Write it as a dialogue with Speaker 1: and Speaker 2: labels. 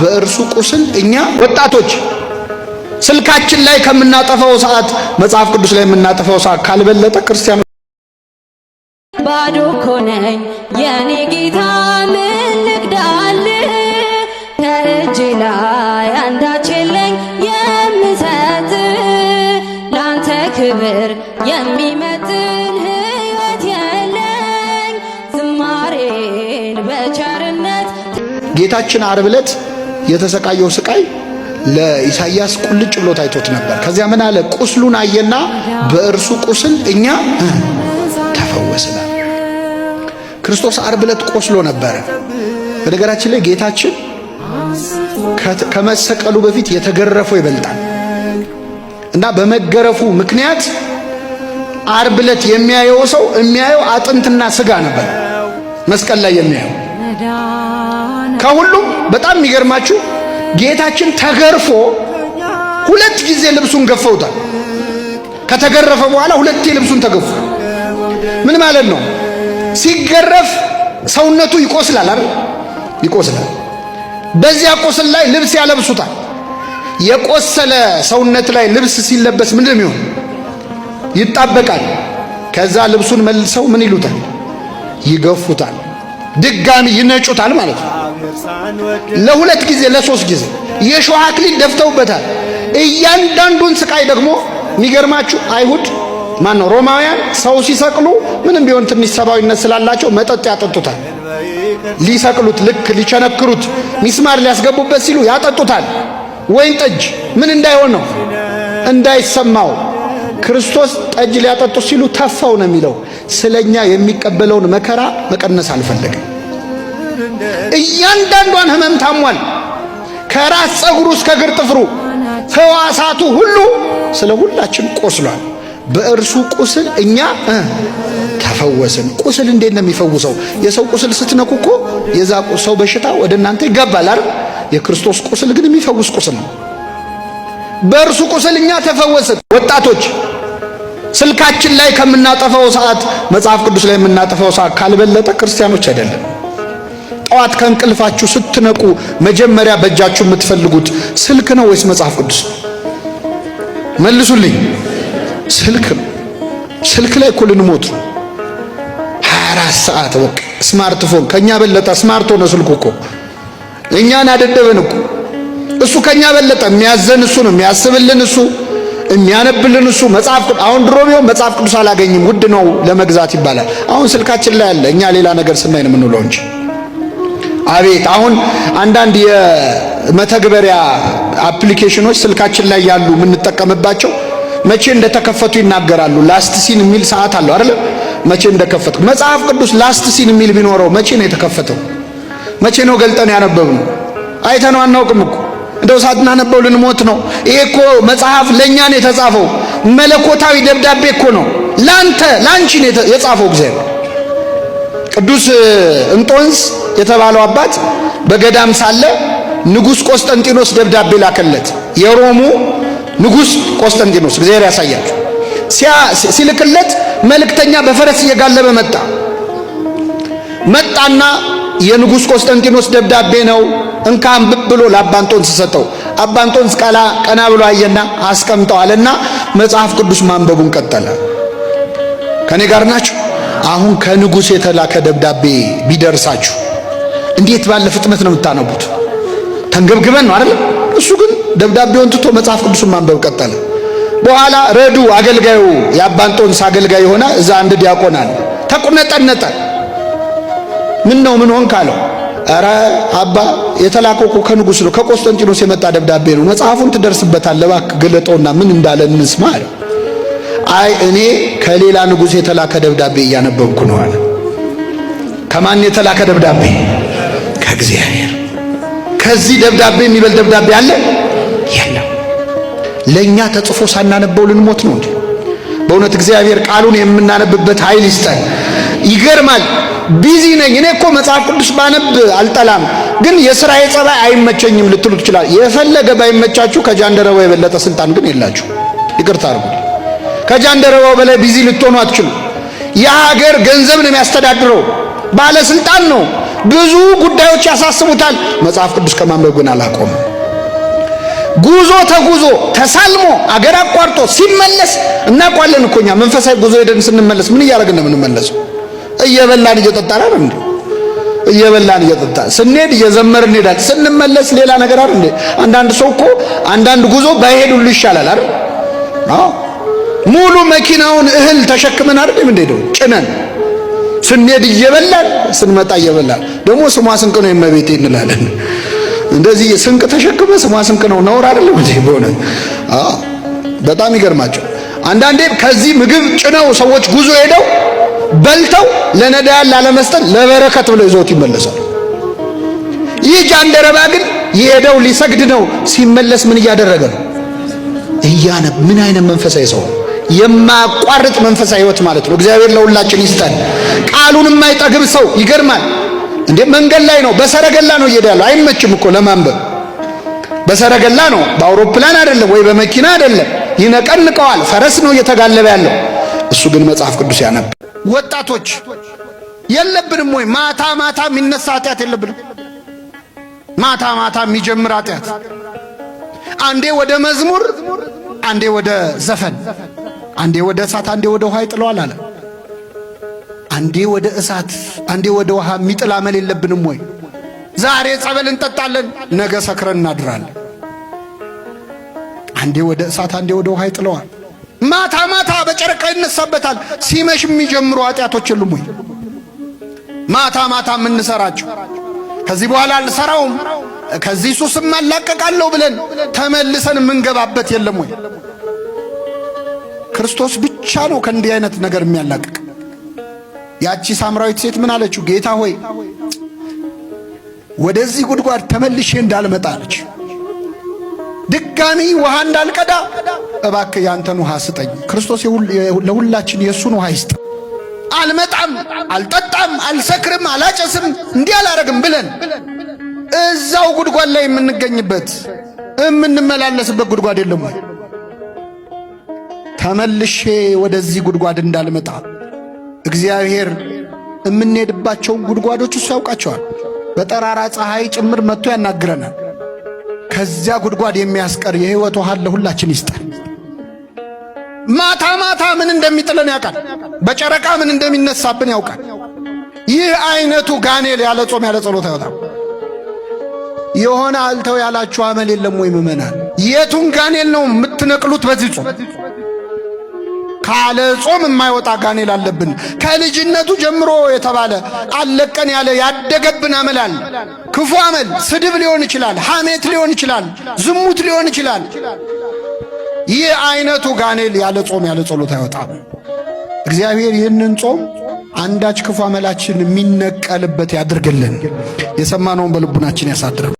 Speaker 1: በእርሱ ቁስል እኛ ወጣቶች ስልካችን ላይ ከምናጠፋው ሰዓት መጽሐፍ ቅዱስ ላይ የምናጠፋው ሰዓት ካልበለጠ ክርስቲያኖ ባዶ ኮነኝ የኔ ጌታ ምን ልግዳል ከእጄ ላይ አንዳች የለኝ የምሰጥ ላንተ ክብር የሚመጥን ህይወት የለኝ ዝማሬን በቸርነት ጌታችን ዓርብ ዕለት የተሰቃየው ስቃይ ለኢሳይያስ ቁልጭ ብሎ ታይቶት ነበር። ከዚያ ምን አለ? ቁስሉን አየና በእርሱ ቁስል እኛ ተፈወስናል። ክርስቶስ ዓርብ ዕለት ቆስሎ ነበረ። በነገራችን ላይ ጌታችን ከመሰቀሉ በፊት የተገረፈው ይበልጣል እና በመገረፉ ምክንያት ዓርብ ዕለት የሚያየው ሰው የሚያየው አጥንትና ስጋ ነበር መስቀል ላይ የሚያየው ከሁሉም በጣም የሚገርማችሁ ጌታችን ተገርፎ ሁለት ጊዜ ልብሱን ገፈውታል። ከተገረፈ በኋላ ሁለቴ ልብሱን ተገፉ። ምን ማለት ነው? ሲገረፍ ሰውነቱ ይቆስላል አይደል? ይቆስላል። በዚያ ቁስል ላይ ልብስ ያለብሱታል። የቆሰለ ሰውነት ላይ ልብስ ሲለበስ ምን ይሆን ይጣበቃል። ከዛ ልብሱን መልሰው ምን ይሉታል? ይገፉታል። ድጋሚ ይነጩታል ማለት ነው። ለሁለት ጊዜ ለሶስት ጊዜ የእሾህ አክሊል ደፍተውበታል። እያንዳንዱን ስቃይ ደግሞ የሚገርማችሁ አይሁድ ማን ነው ሮማውያን ሰው ሲሰቅሉ ምንም ቢሆን ትንሽ ሰብአዊነት ስላላቸው መጠጥ ያጠጡታል። ሊሰቅሉት ልክ ሊቸነክሩት ሚስማር ሊያስገቡበት ሲሉ ያጠጡታል። ወይን ጠጅ ምን እንዳይሆን ነው እንዳይሰማው። ክርስቶስ ጠጅ ሊያጠጡት ሲሉ ተፋው ነው የሚለው። ስለኛ የሚቀበለውን መከራ መቀነስ አልፈለግም። እያንዳንዷን ህመም ታሟል። ከራስ ጸጉሩ እስከ እግር ጥፍሩ ህዋሳቱ ሁሉ ስለ ሁላችን ቆስሏል። በእርሱ ቁስል እኛ ተፈወስን። ቁስል እንዴት ነው የሚፈውሰው? የሰው ቁስል ስትነኩ እኮ የዛ ሰው በሽታ ወደ እናንተ ይገባል አይደል? የክርስቶስ ቁስል ግን የሚፈውስ ቁስል ነው። በእርሱ ቁስል እኛ ተፈወስን። ወጣቶች ስልካችን ላይ ከምናጠፋው ሰዓት፣ መጽሐፍ ቅዱስ ላይ የምናጠፋው ሰዓት ካልበለጠ ክርስቲያኖች አይደለም። ጠዋት ከእንቅልፋችሁ ስትነቁ መጀመሪያ በእጃችሁ የምትፈልጉት ስልክ ነው ወይስ መጽሐፍ ቅዱስ? መልሱልኝ። ስልክ ነው። ስልክ ላይ እኮ ልንሞት ነው። 24 ሰዓት በቃ ስማርትፎን ከኛ በለጠ። ስማርት ሆነ ስልኩ እኮ እኛን አደደበን እኮ። እሱ ከኛ በለጠ። የሚያዘን እሱ ነው፣ የሚያስብልን እሱ፣ የሚያነብልን እሱ። መጽሐፍ ቅዱስ አሁን ድሮ ቢሆን መጽሐፍ ቅዱስ አላገኝም ውድ ነው ለመግዛት ይባላል። አሁን ስልካችን ላይ አለ። እኛ ሌላ ነገር ስናይ ነው የምንውለው እንጂ አቤት አሁን አንዳንድ የመተግበሪያ አፕሊኬሽኖች ስልካችን ላይ ያሉ የምንጠቀምባቸው መቼ እንደተከፈቱ ይናገራሉ። ላስት ሲን የሚል ሰዓት አለው አይደለም? መቼ እንደከፈቱ መጽሐፍ ቅዱስ ላስት ሲን የሚል ቢኖረው መቼ ነው የተከፈተው? መቼ ነው ገልጠን ያነበብነው? አይተነው አናውቅም እኮ እንደው ሳናነበው ልንሞት ነው። ይሄ እኮ መጽሐፍ ለእኛ ነው የተጻፈው። መለኮታዊ ደብዳቤ እኮ ነው። ላንተ ላንቺ ነው የጻፈው እግዚአብሔር ቅዱስ እንጦንስ የተባለው አባት በገዳም ሳለ ንጉሥ ቆስጠንጢኖስ ደብዳቤ ላከለት። የሮሙ ንጉሥ ቆስጠንጢኖስ እግዚአብሔር ያሳያችሁ። ሲልክለት መልእክተኛ በፈረስ እየጋለበ መጣ። መጣና የንጉሥ ቆስጠንጢኖስ ደብዳቤ ነው እንካ አንብብ ብሎ ለአባንጦንስ ሰጠው። ቀላ ቀና ብሎ አየና አስቀምጠዋልና መጽሐፍ ቅዱስ ማንበቡን ቀጠለ። ከኔ ጋር ናችሁ? አሁን ከንጉስ የተላከ ደብዳቤ ቢደርሳችሁ እንዴት ባለ ፍጥነት ነው የምታነቡት? ተንገብግበን ነው አይደል? እሱ ግን ደብዳቤውን ትቶ መጽሐፍ ቅዱስን ማንበብ ቀጠለ። በኋላ ረዱ አገልጋዩ የአባንጦንስ አገልጋይ የሆነ እዛ አንድ ዲያቆን አለ። ተቁነጠነጠ። ምን ነው ምን ሆን ካለው፣ ኧረ አባ የተላከው እኮ ነው ከቆስጠንጢኖስ የመጣ ደብዳቤ ነው። መጽሐፉን ትደርስበታል፣ እባክህ ገለጠውና ምን እንዳለ እንስማ አለው። አይ እኔ ከሌላ ንጉሥ የተላከ ደብዳቤ እያነበብኩ ነው አለ። ከማን የተላከ ደብዳቤ? ከእግዚአብሔር። ከዚህ ደብዳቤ የሚበል ደብዳቤ አለ? የለም። ለእኛ ተጽፎ ሳናነበው ልንሞት ነው እንዴ? በእውነት እግዚአብሔር ቃሉን የምናነብበት ኃይል ይስጠን። ይገርማል። ቢዚ ነኝ እኔ እኮ መጽሐፍ ቅዱስ ባነብ አልጠላም፣ ግን የሥራዬ ጸባይ አይመቸኝም ልትሉ ትችላል። የፈለገ ባይመቻችሁ ከጃንደረባ የበለጠ ስልጣን ግን የላችሁ። ይቅርታ አርጉ። ከጃንደረባው በላይ ቢዚ ልትሆኑ አትችሉ። የሀገር ገንዘብ ነው የሚያስተዳድረው፣ ባለስልጣን ነው። ብዙ ጉዳዮች ያሳስቡታል። መጽሐፍ ቅዱስ ከማንበብ ግን አላቆም። ጉዞ ተጉዞ ተሳልሞ አገር አቋርጦ ሲመለስ እናውቋለን እኮ እኛ መንፈሳዊ ጉዞ ሄደን ስንመለስ ምን እያደረግን ነው የምንመለሰው? እየበላን እየጠጣን አይደል እንዴ? እየበላን እየጠጣን ስንሄድ እየዘመርን እንሄዳለን። ስንመለስ ሌላ ነገር አይደል እንዴ? አንዳንድ ሰው እኮ አንዳንድ ጉዞ ባይሄዱሉ ይሻላል አይደል? አዎ ሙሉ መኪናውን እህል ተሸክመን አይደለም እንዴ ነው ጭነን ስንሄድ እየበላን ስንመጣ እየበላን ደግሞ ስሟ ስንቅ ነው የመቤቴ እንላለን። እንደዚህ ስንቅ ተሸክመ ስሟ ስንቅ ነው ነውር አይደለም እንዴ? በእውነት በጣም ይገርማቸው። አንዳንዴ ከዚህ ምግብ ጭነው ሰዎች ጉዞ ሄደው በልተው ለነዳያን ላለመስጠት ለበረከት ብለው ይዘውት ይመለሳሉ። ይህ ጃንደረባ ግን የሄደው ሊሰግድ ነው፣ ሲመለስ ምን እያደረገ ነው? እያነ ምን አይነት መንፈሳዊ ሰው ነው? የማያቋርጥ መንፈሳዊ ህይወት ማለት ነው። እግዚአብሔር ለሁላችን ይስጠን። ቃሉን የማይጠግብ ሰው ይገርማል እንዴ! መንገድ ላይ ነው፣ በሰረገላ ነው እየሄደ ያለው። አይመችም እኮ ለማንበብ። በሰረገላ ነው፣ በአውሮፕላን አይደለም ወይ በመኪና አይደለም። ይነቀንቀዋል። ፈረስ ነው እየተጋለበ ያለው። እሱ ግን መጽሐፍ ቅዱስ ያነብ። ወጣቶች የለብንም ወይ ማታ ማታ የሚነሳ ኃጢአት የለብንም? ማታ ማታ የሚጀምር ኃጢአት፣ አንዴ ወደ መዝሙር፣ አንዴ ወደ ዘፈን አንዴ ወደ እሳት አንዴ ወደ ውሃ ይጥለዋል አለ። አንዴ ወደ እሳት አንዴ ወደ ውሃ የሚጥል አመል የለብንም ወይ? ዛሬ ጸበል እንጠጣለን፣ ነገ ሰክረን እናድራለን። አንዴ ወደ እሳት አንዴ ወደ ውሃ ይጥለዋል። ማታ ማታ በጨረቃ ይነሳበታል። ሲመሽ የሚጀምሩ ኃጢአቶች የሉም ወይ? ማታ ማታ የምንሰራቸው ከዚህ በኋላ አልሰራውም ከዚህ ሱስም አላቀቃለሁ ብለን ተመልሰን የምንገባበት የለም ወይ? ክርስቶስ ብቻ ነው ከእንዲህ አይነት ነገር የሚያላቅቅ። ያቺ ሳምራዊት ሴት ምን አለችው? ጌታ ሆይ ወደዚህ ጉድጓድ ተመልሼ እንዳልመጣ አለች። ድጋሚ ውሃ እንዳልቀዳ እባክ ያንተን ውሃ ስጠኝ። ክርስቶስ ለሁላችን የእሱን ውሃ ይስጥ። አልመጣም፣ አልጠጣም፣ አልሰክርም፣ አላጨስም፣ እንዲህ አላረግም ብለን እዛው ጉድጓድ ላይ የምንገኝበት የምንመላለስበት ጉድጓድ የለም ወይ? ተመልሼ ወደዚህ ጉድጓድ እንዳልመጣ እግዚአብሔር የምንሄድባቸውን ጉድጓዶች እሱ ያውቃቸዋል። በጠራራ ፀሐይ ጭምር መጥቶ ያናግረናል። ከዚያ ጉድጓድ የሚያስቀር የሕይወት ውሃ ለሁላችን ይስጠን። ማታ ማታ ምን እንደሚጥለን ያውቃል። በጨረቃ ምን እንደሚነሳብን ያውቃል። ይህ አይነቱ ጋኔል ያለ ጾም ያለ ጸሎት አይወጣም። የሆነ አልተው ያላችሁ አመል የለም ወይ ምእመናን? የቱን ጋኔል ነው የምትነቅሉት በዚህ ጾም? ካለ ጾም የማይወጣ ጋኔል አለብን። ከልጅነቱ ጀምሮ የተባለ አለቀን ያለ ያደገብን አመላል ክፉ አመል፣ ስድብ ሊሆን ይችላል፣ ሐሜት ሊሆን ይችላል፣ ዝሙት ሊሆን ይችላል። ይህ አይነቱ ጋኔል ያለ ጾም ያለ ጸሎት አይወጣም። እግዚአብሔር ይህንን ጾም አንዳች ክፉ አመላችን የሚነቀልበት ያድርግልን። የሰማነውን በልቡናችን ያሳድርም።